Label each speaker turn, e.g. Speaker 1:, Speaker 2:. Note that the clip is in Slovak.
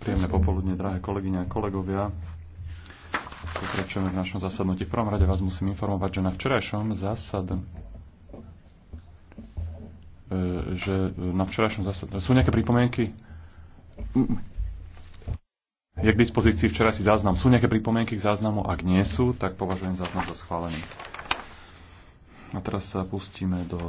Speaker 1: Príjemné popoludne, drahé kolegyne a kolegovia. Pokračujeme v našom zasadnutí. V prvom rade vás musím informovať, že na včerajšom zasad e, že na včerajšom zasad... Sú nejaké pripomienky? Je k dispozícii včera si záznam. Sú nejaké pripomienky k záznamu? Ak nie sú, tak považujem záznam za schválený.
Speaker 2: A teraz sa pustíme do